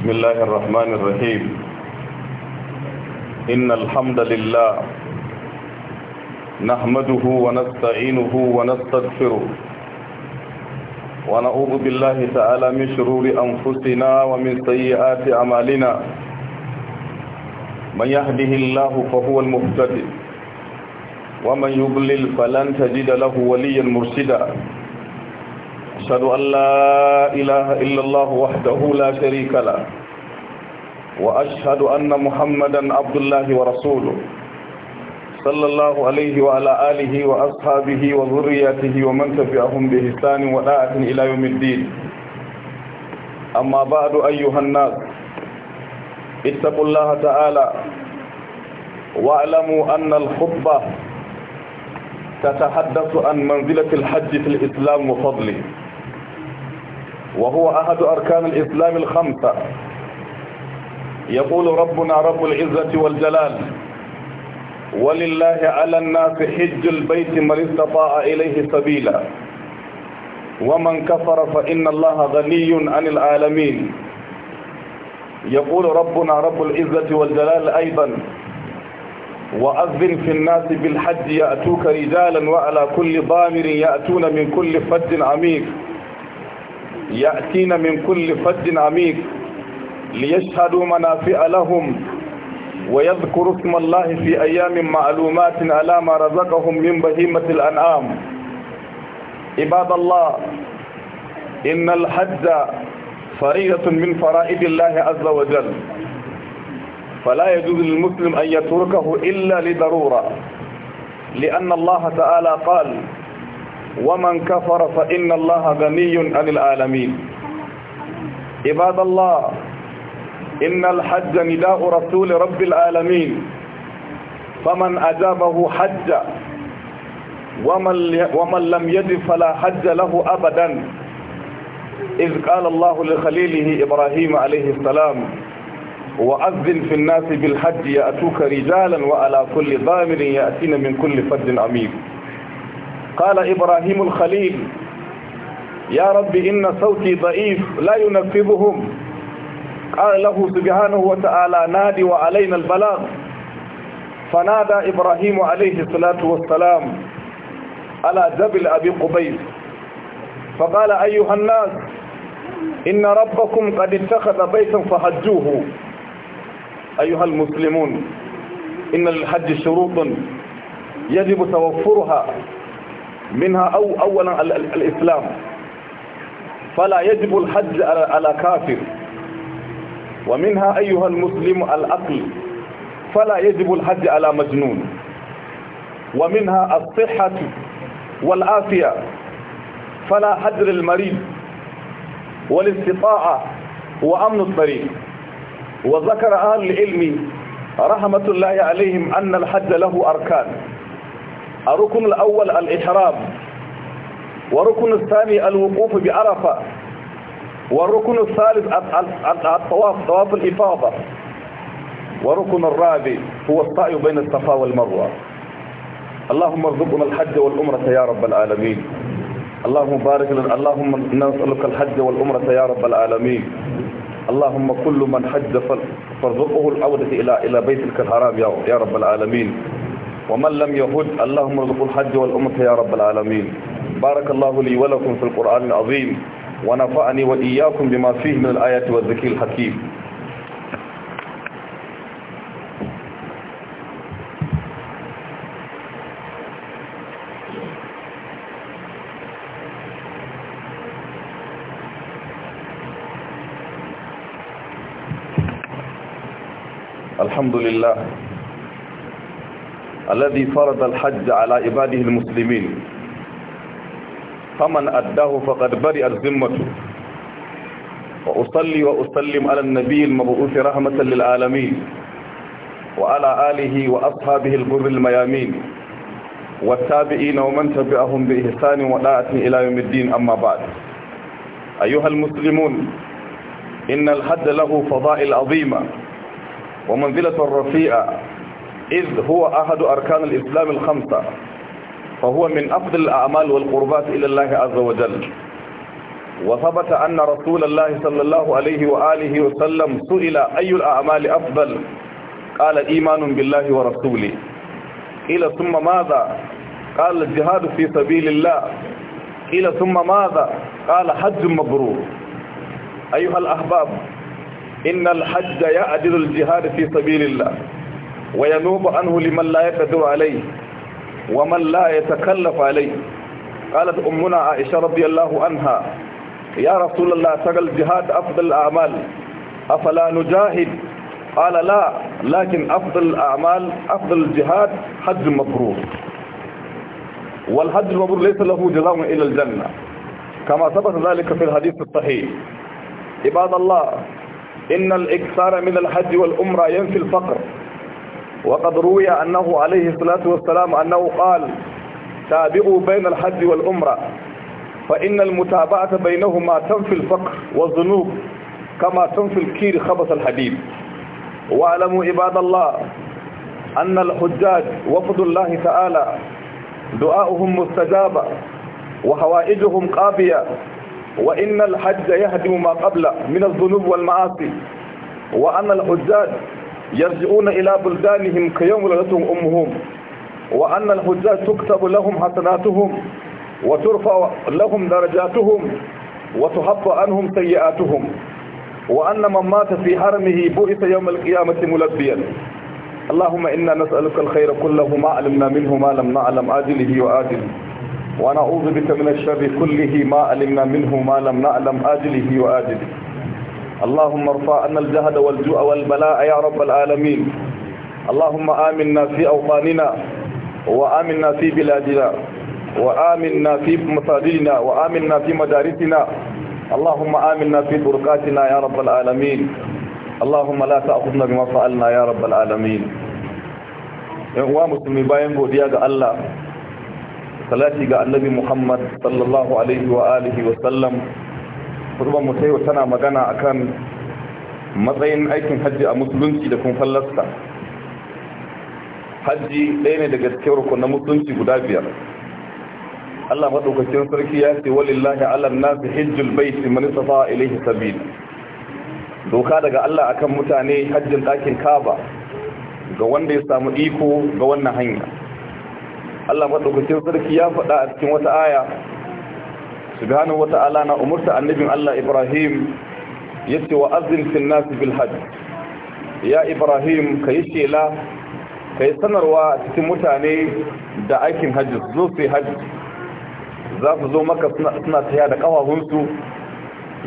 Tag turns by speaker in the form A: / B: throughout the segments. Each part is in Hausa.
A: بسم الله الرحمن الرحيم إن الحمد لله نحمده ونستعينه ونستغفره ونعوذ بالله تعالى من شرور أنفسنا ومن سيئات أعمالنا من يهده الله فهو المهتدي ومن يضلل فلن تجد له وليا مرشدا أشهد أن لا إله إلا الله وحده لا شريك له وأشهد أن محمدا عبد الله ورسوله صلى الله عليه وعلى آله وأصحابه وذرياته ومن تبعهم بإحسان ولاءة إلى يوم الدين أما بعد أيها الناس اتقوا الله تعالى واعلموا أن الخطبة تتحدث عن منزلة الحج في الإسلام وفضله وهو أحد أركان الإسلام الخمسة يقول ربنا رب العزة والجلال ولله على الناس حج البيت من استطاع إليه سبيلا ومن كفر فإن الله غني عن العالمين يقول ربنا رب العزة والجلال أيضا وأذن في الناس بالحج يأتوك رجالا وعلى كل ضامر يأتون من كل فج عميق يأتين من كل فج عميق ليشهدوا منافع لهم ويذكروا اسم الله في أيام معلومات على ما رزقهم من بهيمة الأنعام عباد الله إن الحج فريضة من فرائض الله عز وجل فلا يجوز للمسلم أن يتركه إلا لضرورة لأن الله تعالى قال ومن كفر فإن الله غني عن العالمين عباد الله إن الحج نداء رسول رب العالمين فمن أجابه حج ومن, ومن لم يجب فلا حج له أبدا إذ قال الله لخليله إبراهيم عليه السلام وأذن في الناس بالحج يأتوك رجالا وعلى كل ضامر يأتين من كل فج عميق قال إبراهيم الخليل يا رب إن صوتي ضعيف لا ينفذهم قال له سبحانه وتعالى نادي وعلينا البلاغ فنادى إبراهيم عليه الصلاة والسلام على جبل أبي قبيس فقال أيها الناس إن ربكم قد اتخذ بيتا فحجوه أيها المسلمون إن للحج شروط يجب توفرها منها أو أولا الإسلام فلا يجب الحج على كافر ومنها أيها المسلم العقل فلا يجب الحج على مجنون ومنها الصحة والعافية فلا حجر المريض والاستطاعة وأمن الطريق وذكر أهل العلم رحمة الله عليهم أن الحج له أركان الركن الأول الإحرام والركن الثاني الوقوف بعرفة والركن الثالث الطواف طواف الإفاضة وركن الرابع هو السعي بين الصفا والمروة اللهم ارزقنا الحج والعمرة يا رب العالمين اللهم بارك لنا اللهم نسألك الحج والعمرة يا رب العالمين اللهم كل من حج فارزقه العودة إلى إلى بيتك الحرام يا رب العالمين ومن لم يهد اللهم ارزق الحج والأمة يا رب العالمين بارك الله لي ولكم في القرآن العظيم ونفعني وإياكم بما فيه من الآيات والذكر الحكيم الحمد لله الذي فرض الحج على عباده المسلمين فمن أداه فقد برئت ذمته وأصلي وأسلم على النبي المبعوث رحمة للعالمين وعلى آله وأصحابه الغر الميامين والتابعين ومن تبعهم بإحسان ولاة إلى يوم الدين أما بعد أيها المسلمون إن الحد له فضائل عظيمة ومنزلة رفيعة إذ هو أحد أركان الإسلام الخمسة فهو من أفضل الأعمال والقربات إلى الله عز وجل وثبت أن رسول الله صلى الله عليه وآله وسلم سئل أي الأعمال أفضل قال إيمان بالله ورسوله قيل ثم ماذا قال الجهاد في سبيل الله قيل ثم ماذا قال حج مبرور أيها الأحباب إن الحج يعدل الجهاد في سبيل الله وينوب عنه لمن لا يقدر عليه ومن لا يتكلف عليه قالت أمنا عائشة رضي الله عنها يا رسول الله تقل الجهاد أفضل الأعمال أفلا نجاهد قال لا لكن أفضل الأعمال أفضل الجهاد حج مبرور والحج المبرور ليس له جزاء إلى الجنة كما ثبت ذلك في الحديث الصحيح عباد الله إن الإكثار من الحج والأمرة ينفي الفقر وقد روي أنه عليه الصلاة والسلام أنه قال تابعوا بين الحج والأمرة فإن المتابعة بينهما تنفي الفقر والذنوب كما تنفي الكير خبث الحديد واعلموا عباد الله أن الحجاج وفد الله تعالى دعاؤهم مستجابة وحوائجهم قابية وإن الحج يهدم ما قبله من الذنوب والمعاصي وأن الحجاج يرجعون إلى بلدانهم كيوم ولدتهم أمهم وأن الحجاج تكتب لهم حسناتهم وترفع لهم درجاتهم وتحط عنهم سيئاتهم وأن من مات في حرمه بؤث يوم القيامة ملبيا اللهم إنا نسألك الخير كله ما علمنا منه ما لم نعلم آجله وآجله ونعوذ بك من الشر كله ما علمنا منه ما لم نعلم آجله وآجله اللهم ارفع عنا الجهد والجوع والبلاء يا رب العالمين اللهم آمنا في أوطاننا وآمنا في بلادنا وآمنا في مساجدنا وآمنا في مدارسنا اللهم آمنا في بركاتنا يا رب العالمين اللهم لا تأخذنا بما فعلنا يا رب العالمين يقوى مسلمي باين بوديا الله salati ga annabi Muhammad sallallahu alaihi wa alihi wa sallam hudubar mu yau tana magana akan matsayin aikin hajji a musulunci da kuma fallasta hajji ɗaya ne daga cikin rukun na musulunci guda biyar Allah maɗaukakin sarki ya ce walillahi alam fi hijjul baiti man a ilaihi sabil doka daga Allah akan mutane hajjin ɗakin kaba ga wanda ya samu iko ga wannan hanya Allah maɗaukakin sarki ya faɗa a cikin wata aya subhanahu wata'ala na umurta annabin Allah Ibrahim yace wa azim fil nas bil hajj ya Ibrahim kai shela kai sanarwa cikin mutane da aikin hajji zo sai hajji za su zo maka suna taya da kawahunsu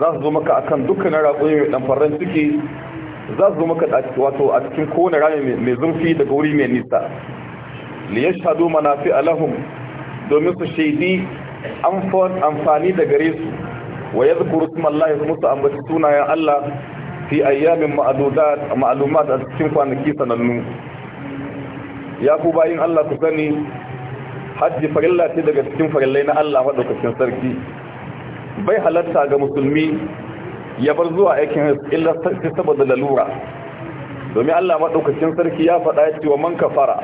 A: za su zo maka akan dukkanin raƙoyi mai ɗanfarren ciki za su zo maka wato a cikin kowane rami mai zurfi daga wuri mai nisa liyashhadu manafi alahum domin su shaidi amfani da gare su wa ya zukuru su mallahi musu ambaci sunayen Allah fi ayyamin ma'alumat a cikin kwanaki sanannu ya ku bayin Allah ku sani hajji farilla ce daga cikin farillai na Allah maɗaukacin sarki bai halatta ga musulmi ya bar zuwa aikin illa saboda lalura domin Allah maɗaukacin sarki ya faɗa ya ce wa man kafara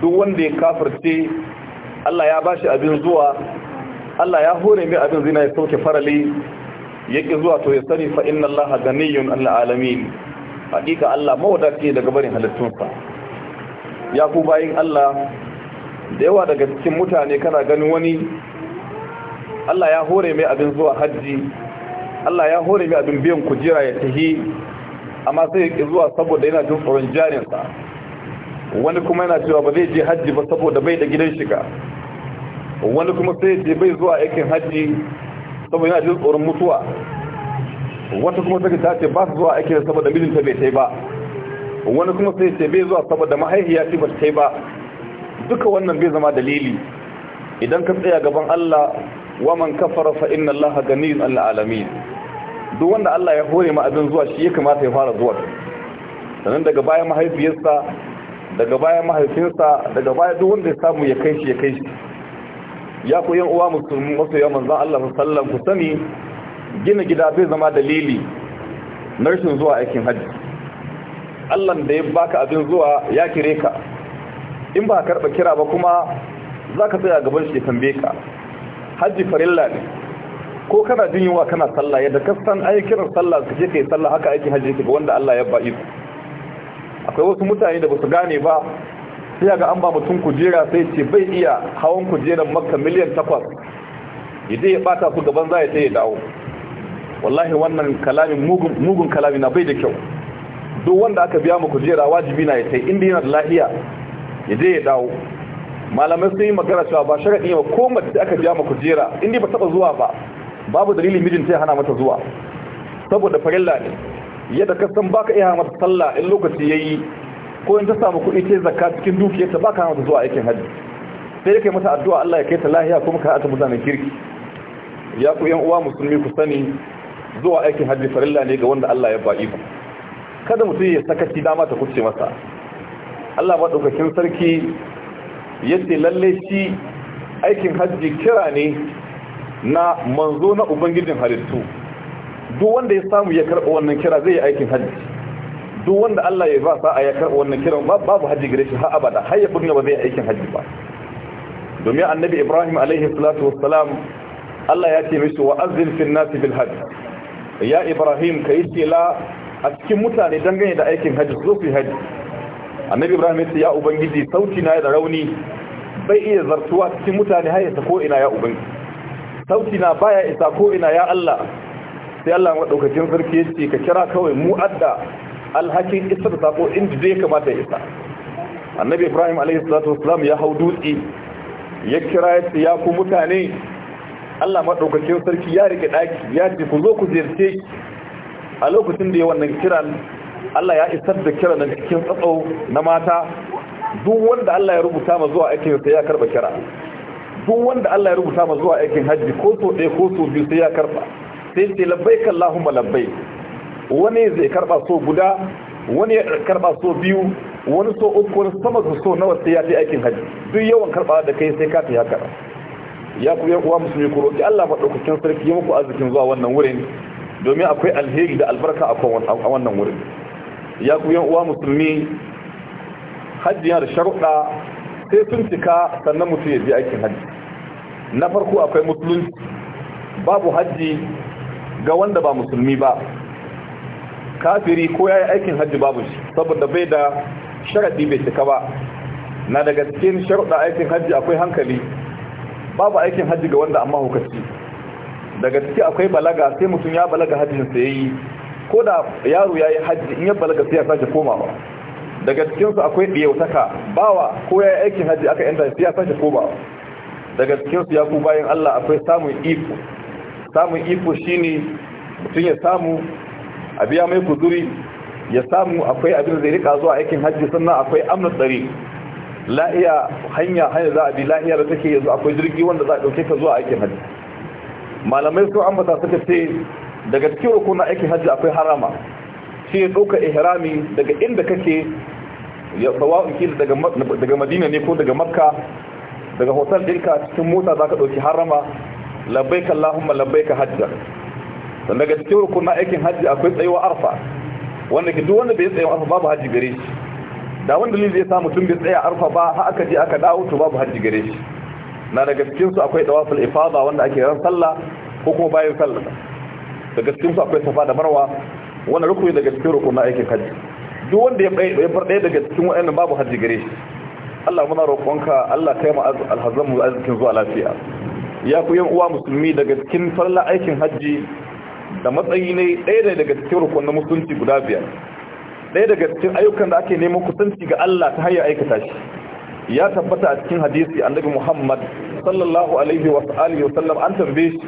A: duk wanda ya kafirce Allah ya bashi abin zuwa Allah ya hore mai abin zina ya sauke farali yake zuwa to ya sani fa inna Allah ganiyun al alamin hakika Allah mawadaki daga barin halittunsa ya ku bayin Allah da yawa daga cikin mutane kana ganin wani Allah ya hore mai abin zuwa hajji Allah ya hore mai abin biyan kujera ya tahi amma sai ya zuwa saboda yana jin tsoron jarinsa wani kuma yana cewa ba zai je hajji ba saboda bai da gidan shiga wani kuma sai ce bai zuwa aikin hajji saboda yana jin tsoron mutuwa wata kuma sai ta ce ba su zuwa aikin saboda mijinta bai tai ba wani kuma sai ce bai zuwa saboda mahaihiya ce ba ta tai ba duka wannan bai zama dalili idan ka tsaya gaban Allah wa man kafara fa inna Allah ganiyun lil alamin duk wanda Allah ya hore ma abin zuwa shi ya kamata ya fara zuwa sannan daga bayan mahaifiyarsa daga bayan mahaifinsa daga bayan duk wanda ya samu ya kai shi ya kai shi ya ku yan uwa musulmi wasu yawan manzan Allah sallam ku sani gina gida zai zama dalili na rashin zuwa aikin hajji Allah da ya baka abin zuwa ya kire ka in ba karɓa kira ba kuma za ka tsaya gaban shi tambaye ka hajji farilla ne ko kana jin yunwa kana sallah yadda ka san ai kiran sallah ka je yi sallah haka aikin hajji ga wanda Allah ya ba iko akwai wasu mutane da ba su gane ba sai ga an ba mutum kujera sai ce bai iya hawan kujeran makka miliyan takwas idan ya bata su gaban za ya ta ya dawo wallahi wannan kalamin mugun kalami na bai da kyau duk wanda aka biya mu kujera wajibi na ya ta inda yana da lahiya ya ya dawo malamai sun yi magana cewa ba sharaɗi ba ko mace aka biya mu kujera inda ba taɓa zuwa ba babu dalilin mijinta ya hana mata zuwa saboda farilla ne yadda kasan baka iya mata sallah in lokaci yayi ko in ta samu kuɗi ta zakka cikin dukiyarta ba ka hana zuwa aikin hajji sai dai kai mata addu'a Allah ya kai ta lahiya kuma ka ta mutanen kirki ya ku yan uwa musulmi ku sani zuwa aikin hajji farilla ne ga wanda Allah ya ba'i ku kada mutum ya sakaci dama ta kuce masa Allah maɗaukakin sarki ya ce lalle shi aikin hajji kira ne na manzo na ubangijin halittu duk wanda ya samu ya karɓa wannan kira zai yi aikin hajji duk wanda Allah ya ba sa a ya karɓi wannan kiran babu hajji gare shi har abada har ya kunna ba zai aikin hajji ba domin annabi Ibrahim alaihi salatu wassalam Allah ya ce mishi wa azzin fil nas bil hajj ya Ibrahim kai tila a cikin mutane dangane da aikin hajji zo fi hajji annabi Ibrahim ya ce ya ubangiji sauti na da rauni bai iya zartuwa cikin mutane har ya ko ina ya ubangiji sauti na baya isa ko ina ya Allah sai Allah madaukakin sarki ya ce ka kira kawai mu adda alhakin isa da sako inda zai kamata ya isa annabi ibrahim alaihi salatu wasalam ya hau dutse ya kira ya ce ya ku mutane Allah maɗaukacin sarki ya rike ɗaki ya ce ku zo ku ziyarce a lokacin da ya wannan kiran Allah ya isar da kiran nan cikin tsatsau na mata duk wanda Allah ya rubuta ma zuwa aikin sai ya karba kira duk wanda Allah ya rubuta ma zuwa aikin hajji ko so ɗaya ko so biyu sai ya karba sai ce labbaik Allahumma labbaik wani zai karba so guda wani ya karba so biyu wani so uku wani sama da so nawa sai ya je aikin hajji duk yawan karba da kai sai ka tafi haka ya ku yan uwa musulmi ku roki Allah madaukakin sarki ya muku arzikin zuwa wannan wurin domin akwai alheri da albarka a wannan wurin ya ku yan uwa musulmi hajji yana da sharuɗa sai sun cika sannan mutum ya je aikin hajji na farko akwai musulunci babu hajji ga wanda ba musulmi ba kafiri ko ya yi aikin hajji babu shi saboda bai da sharaɗi bai cika ba na daga cikin sharuɗa aikin hajji akwai hankali babu aikin hajji ga wanda amma hukaci daga ciki akwai balaga sai mutum ya balaga hajjin sa yayi ko da yaro ya yi hajji in ya balaga sai ya sake komawa daga cikinsu akwai ɗiyautaka bawa ko ya yi aikin hajji aka yanda sai ya sake komawa daga cikinsu ya ku bayan Allah akwai samun iko samun iko shine mutum ya samu a biya mai kuduri ya samu akwai abin da zai rika zuwa aikin hajji sannan akwai amna tsari la'iya hanya hanya za a bi la'iya da take yanzu akwai jirgi wanda za a ɗauke ka zuwa aikin hajji malamai sun ambata suka ce daga cikin rukunin aikin hajji akwai harama shi ya ɗauka ihrami daga inda kake ya sawa'un ki daga madina ne ko daga makka daga hotel ɗinka cikin mota za ka ɗauki harama labbaika allahumma labbaika hajjar sannan ga cikin rukunin aikin hajji akwai tsayuwa arfa wanda ke duk wanda bai tsayuwa arfa babu hajji gare shi da wanda dalili zai sa mutum bai tsaya arfa ba har aka je aka dawo to babu hajji gare shi na daga cikin su akwai dawaful ifada wanda ake ran sallah ko kuma bayan sallah daga cikin su akwai safa da marwa wanda rukuni daga cikin rukunin aikin hajji duk wanda ya bai bar daya daga cikin wa'annan babu hajji gare shi Allah muna roƙonka Allah kai mu alhazamu arzikin zuwa lafiya ya ku yan uwa musulmi daga cikin farla aikin hajji da matsayi ne ɗaya ne daga cikin rukun na musulunci guda biyar ɗaya daga cikin ayyukan da ake neman kusanci ga Allah ta hanyar aikata shi ya tabbata a cikin hadisi annabi Muhammad sallallahu alaihi wa alihi wa sallam an tambaye shi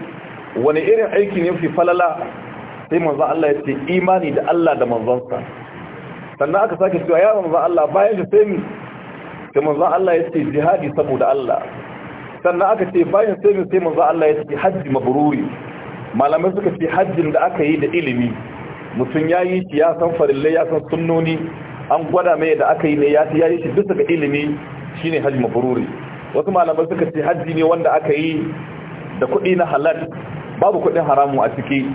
A: wani irin aiki ne fi falala sai manzon Allah ya ce imani da Allah da manzonsa sannan aka sake cewa ya manzon Allah bayan da sai sai manzon Allah ya ce jihadi saboda Allah sannan aka ce bayan sai sai manzon Allah ya ce hajji mabruri malamai suka ce hajjin da aka yi da ilimi mutum ya yi shi ya san farillai ya san sunnoni an gwada mai da aka yi ne ya yi shi bisa ga ilimi shi ne hajji mafururi. wasu malamai suka ce hajji ne wanda aka yi da kuɗi na halal babu kuɗin haramu a ciki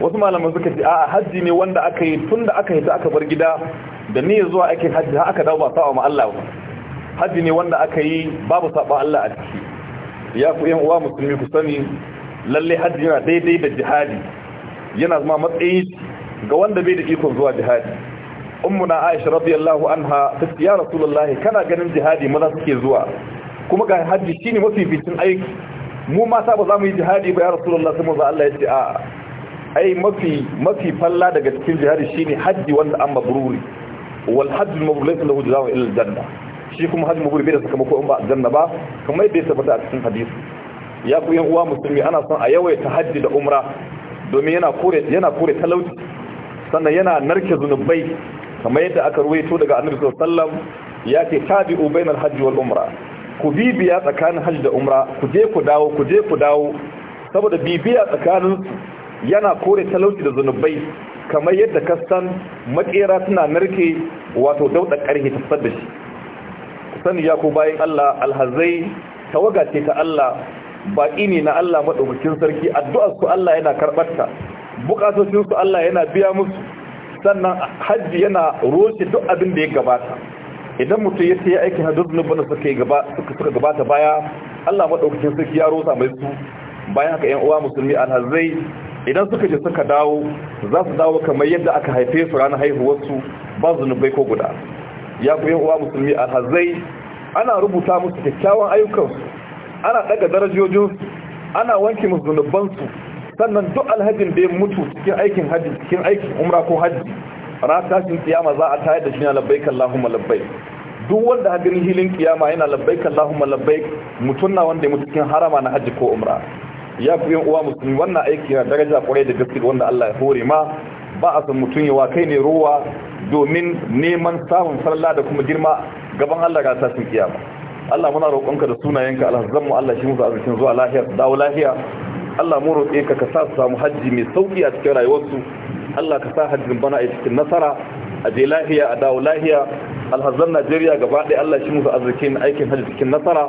A: wasu malamai suka ce a'a hajji ne wanda aka yi tun da aka ta aka bar gida da niyyar zuwa ake hajji har aka dawo ba sa'a ma Allah ba hajji ne wanda aka yi babu saba Allah a ciki ya ku yan uwa musulmi ku sani lalle hajji yana daidai da jihadi yana zama matsayi ga wanda bai da ikon zuwa jihadi ummuna aisha radiyallahu anha ta ce ya rasulullahi kana ganin jihadi maza suke zuwa kuma ga hajji shine bitin aiki mu sa ba za mu yi jihadi ba ya rasulullahi sai mu za Allah ya ce a ai mafi mafi falla daga cikin jihadi shine hajji wanda an mabruri wal hajji mabruri mabrur laysa lahu jazaa'u illa al janna shi kuma hajji mabruri bai da sakamako in ba janna ba kamar yadda ya tabbata a cikin hadisi ya ku yan uwa musulmi ana son a yawaita hajji da umra domin yana kore yana kore talauci sannan yana narke zunubai kamar yadda aka ruwaito daga annabi sallallahu alaihi wasallam ya ce tabi'u bainal hajji wal umra ku bibiya tsakanin hajji da umra ku je ku dawo ku je ku dawo saboda bibiya tsakanin yana kore talauci da zunubai kamar yadda kasan makera tana narke wato dauda karhi ta da sani ya ku bayan Allah alhazai tawaga ce ta Allah baƙi ne na Allah maɗaukakin sarki Addu'ar su Allah yana karɓarta su Allah yana biya musu sannan hajji yana roce duk abin da ya gabata idan mutum ya ce ya aikin hajji zunubin da suka gabata baya Allah maɗaukakin sarki ya rosa mai su bayan haka ‘yan uwa musulmi alhazai idan suka ce suka dawo za su dawo kamar yadda aka haife su ranar haihuwarsu ba zunubai ko guda ya ku ‘yan uwa musulmi alhazai ana rubuta musu kyakkyawan ayyukansu ana daga darajojin ana wanke musu sannan duk alhajin da ya mutu cikin aikin hajji cikin aikin umra ko hajji ranar tashin kiyama za a tayar da shi na labbaik Allahumma labbaik duk wanda hagin hilin kiyama yana labbaik Allahumma labbaik mutum na wanda ya mutu cikin harama na hajji ko umra ya fi yin uwa musulmi wannan aiki na daraja kwarai da gaske wanda Allah ya hore ma ba a san mutum yawa kai ne ruwa domin neman samun sallah da kuma girma gaban Allah ga tashin kiyama Allah muna roƙonka da sunayenka alhazzan mu Allah shi musu arzikin zuwa lahiya su dawo lahiya Allah mu roƙe ka ka sa su samu hajji mai sauƙi a cikin rayuwarsu Allah ka sa hajjin bana a cikin nasara a je lahiya a dawo lahiya Alhazan Najeriya gaba ɗaya Allah shi musu arzikin aikin hajji cikin nasara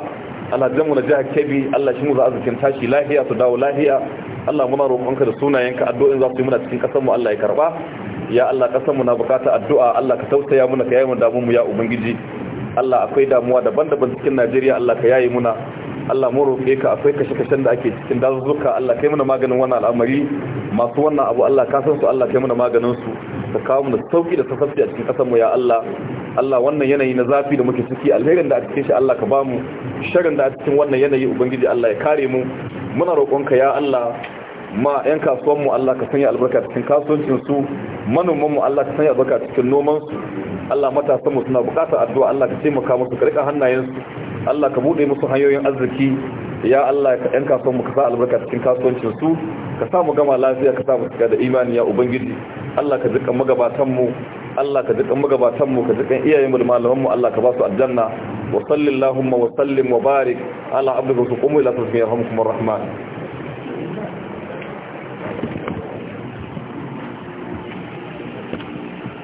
A: alhazzan mu na jihar Kebbi Allah shi musu arzikin tashi lahiya su dawo lahiya Allah muna roƙonka da sunayenka addu'o'in za su yi muna cikin ƙasar mu Allah ya karba ya Allah ƙasar mu na bukata addu'a Allah ka tausaya muna ka mu damu mu ya ubangiji Allah akwai damuwa daban-daban cikin Najeriya Allah ka yayi muna Allah mu roƙe ka akwai kashe-kashen da ake cikin dazuzzuka Allah kai muna maganin wannan al'amari masu wannan abu Allah ka san su Allah kai muna maganin su ka kawo mu sauki da tafafi a cikin kasar mu ya Allah Allah wannan yanayi na zafi da muke ciki alherin da a cikin shi Allah ka bamu sharrin da a cikin wannan yanayi ubangiji Allah ya kare mu muna roƙonka ya Allah ma 'yan kasuwanmu Allah ka sanya albarka cikin kasuwancinsu manomanmu Allah ka sanya albarka cikin nomansu Allah matasanmu suna bukatar addu'a Allah ka taimaka musu ka rika hannayensu Allah ka bude musu hanyoyin arziki ya Allah ka 'yan kasuwanmu ka sa albarka cikin kasuwancinsu ka sa mu gama lafiya ka sa mu cika da imani ya ubangiji Allah ka jikan magabatanmu Allah ka jikan magabatanmu ka iyayen mu da malamanmu Allah ka ba su aljanna wa sallallahu wa sallim wa barik ala abdika wa qumu ila tasmihi yarhamukumur rahman